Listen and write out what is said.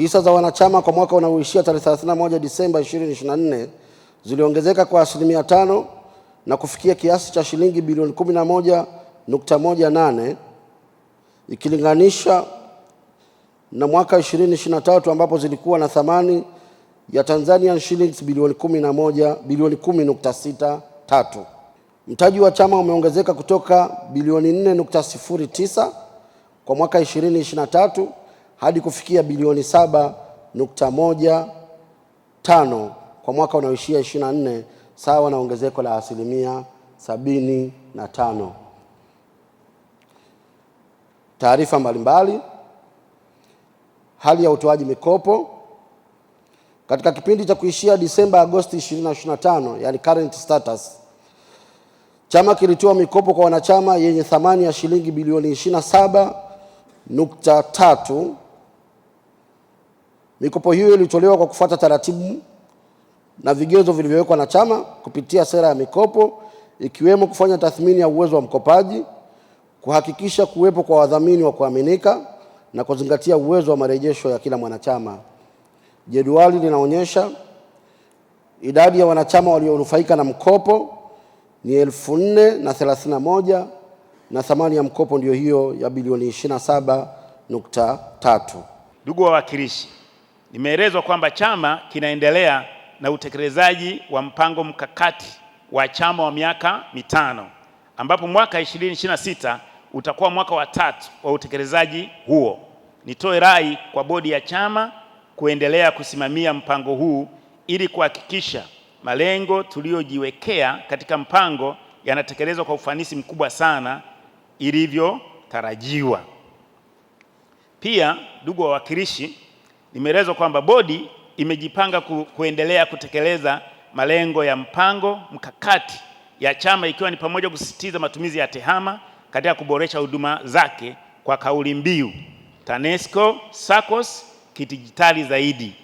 Hisa za wanachama kwa mwaka unaoishia tarehe 31 Disemba 2024 ziliongezeka kwa asilimia tano na kufikia kiasi cha shilingi bilioni 11.18 ikilinganisha na mwaka 2023 ambapo zilikuwa na thamani ya Tanzanian shillings bilioni 11 bilioni 10.63. Mtaji wa chama umeongezeka kutoka bilioni 4.09 kwa mwaka 2023 hadi kufikia bilioni 7.15 kwa mwaka unaoishia 24 sawa na ongezeko la asilimia 75. Taarifa mbalimbali. Hali ya utoaji mikopo katika kipindi cha kuishia Disemba Agosti 2025, yani current status, chama kilitoa mikopo kwa wanachama yenye thamani ya shilingi bilioni 27 nukta tatu Mikopo hiyo ilitolewa kwa kufuata taratibu na vigezo vilivyowekwa na chama kupitia sera ya mikopo, ikiwemo kufanya tathmini ya uwezo wa mkopaji, kuhakikisha kuwepo kwa wadhamini wa kuaminika na kuzingatia uwezo wa marejesho ya kila mwanachama. Jedwali linaonyesha idadi ya wanachama walionufaika na mkopo ni elfu nne na thelathini na moja na thamani ya mkopo ndio hiyo ya bilioni 27.3. Ndugu wawakilishi nimeelezwa kwamba chama kinaendelea na utekelezaji wa mpango mkakati wa chama wa miaka mitano ambapo mwaka 2026 utakuwa mwaka wa tatu wa utekelezaji huo. Nitoe rai kwa bodi ya chama kuendelea kusimamia mpango huu ili kuhakikisha malengo tuliyojiwekea katika mpango yanatekelezwa kwa ufanisi mkubwa sana ilivyotarajiwa. Pia, ndugu wawakilishi nimeelezwa kwamba bodi imejipanga ku, kuendelea kutekeleza malengo ya mpango mkakati ya chama ikiwa ni pamoja kusisitiza matumizi ya tehama katika kuboresha huduma zake kwa kauli mbiu TANESCO SACCOS kidijitali zaidi